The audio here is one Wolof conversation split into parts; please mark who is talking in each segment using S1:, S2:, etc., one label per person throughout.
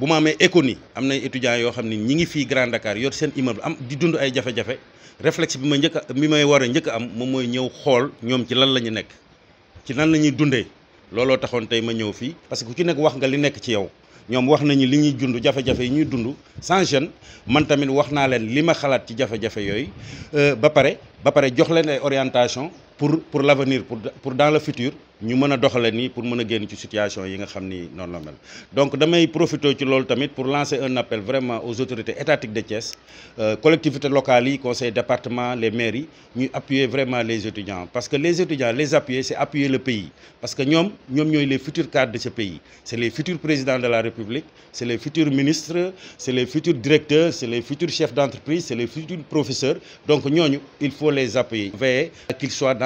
S1: bu ma amee économie am na étudiants yoo xam ne ñi ngi fii Grand Dakar yor seen immeuble am di dund ay jafe-jafe bi ma njëkk a bi may war a njëkk am moom mooy ñëw xool ñoom ci lan la ñu nekk ci nan la ñuy dundee looloo taxoon tey ma ñëw fii parce que ku ci nekk wax nga li nekk ci yow ñoom wax nañu li ñuy dund jafe-jafe yi ñuy dund sans gêne man tamit wax naa leen li ma xalaat ci jafe-jafe yooyu euh, ba pare ba pare jox leen ay orientation pour pour l'avenir pour pour dans le futur nous pour nous gagner une situation yi nga donc damay profité ci de tamit pour lancer un appel vraiment aux autorités étatiques de Thiès euh, collectivités locales conseils conseil les mairies nous appuyer vraiment les étudiants parce que les étudiants les appuyer c'est appuyer le pays parce que nous sommes les futurs cadres de ce pays c'est les futurs présidents de la République c'est les futurs ministres c'est les futurs directeurs c'est les futurs chefs d'entreprise c'est les futurs professeurs donc nous, il faut les appuyer pour qu'ils soient dans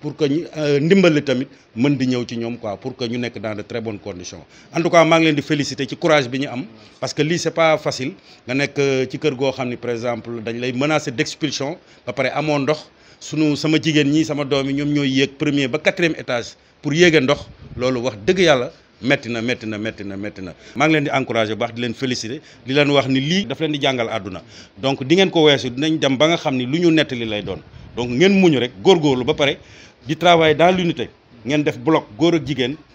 S1: pour que ñu euh, ndimbal tamit mën di ñëw ci ñom quoi pour que ñu nekk dans de très bonnes conditions en tout cas ma ngi leen di féliciter ci courage bi ñu am parce que li c'est pas facile nga nekk euh, ci kër go xamni par exemple dañ lay menacer d'expulsion ba paré amo ndox suñu sama jigen ñi sama doomi ñom ñoy ñooy premier ba quatrième étage pour yégué ndox lolu wax deug yalla metti na metti na metti na metti na ma ngi leen di encourager bu baax di leen féliciter di leen wax ni lii daf leen di jàngal àdduna donc di ngeen ko weesu dinañ dem ba nga xam ni lu ñu nettali lay doon donc ngeen muñu rek góorgóorlu ba pare di travaillent dans l'unité Ils def bloc blocs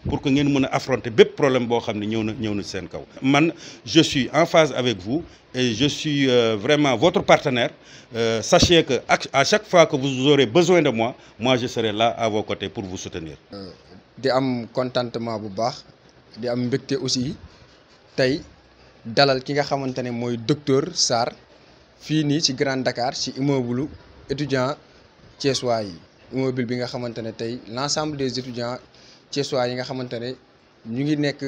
S1: pour que nous mën affronter tous problème problèmes xam ne na je suis en phase avec vous et je suis euh, vraiment votre partenaire euh, sachez qu'à chaque fois que vous aurez besoin de moi moi je serai là à vos côtés pour vous soutenir. Euh, di am contentement bu baax di am suis aussi
S2: tay dalal ki nga moy docteur Sar, fini ci Grand Dakar ci immeuble étudiant est mobile bi nga xamante tay l'ensemble des étudiants thiessois yi nga xamante ñu ngi nekk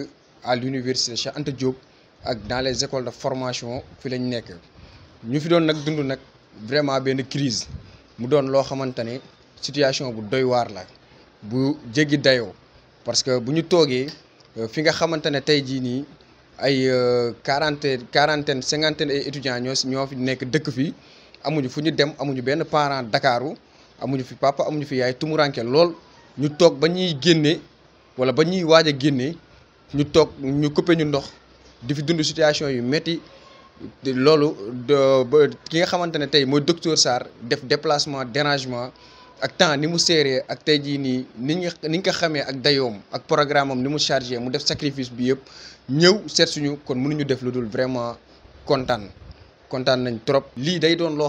S2: à l'université université Cheikh Anta Diop ak dans les écoles de formation fi lañ nekk ñu fi doon nak dund nak vraiment ben crise mu doon lo xamante situation bu doy war la bu jéggi dayo parce que buñu togué euh, fi nga xamante tay ji ni ay 40 euh, quarantaine 50 étudiants ñoo ñoo fi nekk dëkk fi amuñu fuñu dem amuñu ben parent Dakarou amuñu fi papa amuñu fi yaay tumuranke lol ñu tok nous génné wala bañuy waja génné ñu tok ñu coupé ñu ndox di fi dund situation yu lolou ki nga tay moy docteur Sarr def déplacement dérangement ak temps ni mu ak ni ni ko ak programme ni chargé mu def sacrifice bi yépp ñew sét suñu kon vraiment content content nañ trop. li day doon lo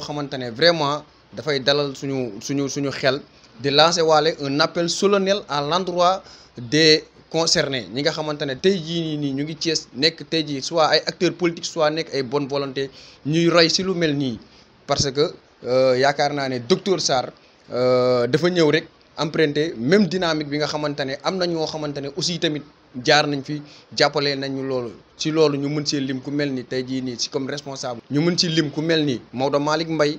S2: vraiment. dafay dalal suñu suñu suñu xel di lancer waale un appel solennel à l'endroit des concernés ñi nga xamante ne tey jii nii ñu ngi Thiès nekk tey jii soit ay acteurs politiques soit nekk ay bonne volonté ñuy roy si lu mel nii parce que euh, yaakaar naa ne docteur Sarr euh, dafa ñëw rek emprunté même dynamique bi nga xamante ne am na ñoo xamante ne aussi tamit jaar nañ fi jàppale nañu loolu ci loolu ñu mën see lim ku mel ni tey jii nii si comme responsable. ñu mën si lim ku mel ni Maodo Malick Mbaye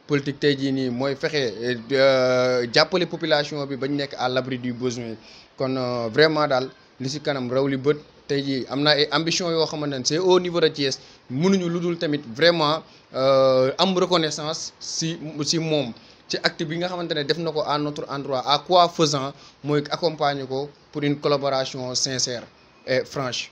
S2: politique tey jii nii mooy fexe euh, jàppale population bi bañ nekk à l'abri du besoin kon euh, vraiment daal li si kanam raw li bët tey jii ambition yoo xamante ne c'est au niveau de Thiès mënuñu lu dul tamit vraiment euh, am reconnaissance si si moom ci acte bi nga xamante ne def na à notre endroit à quoi faisant mooy accompagner ko pour une collaboration sincère et franche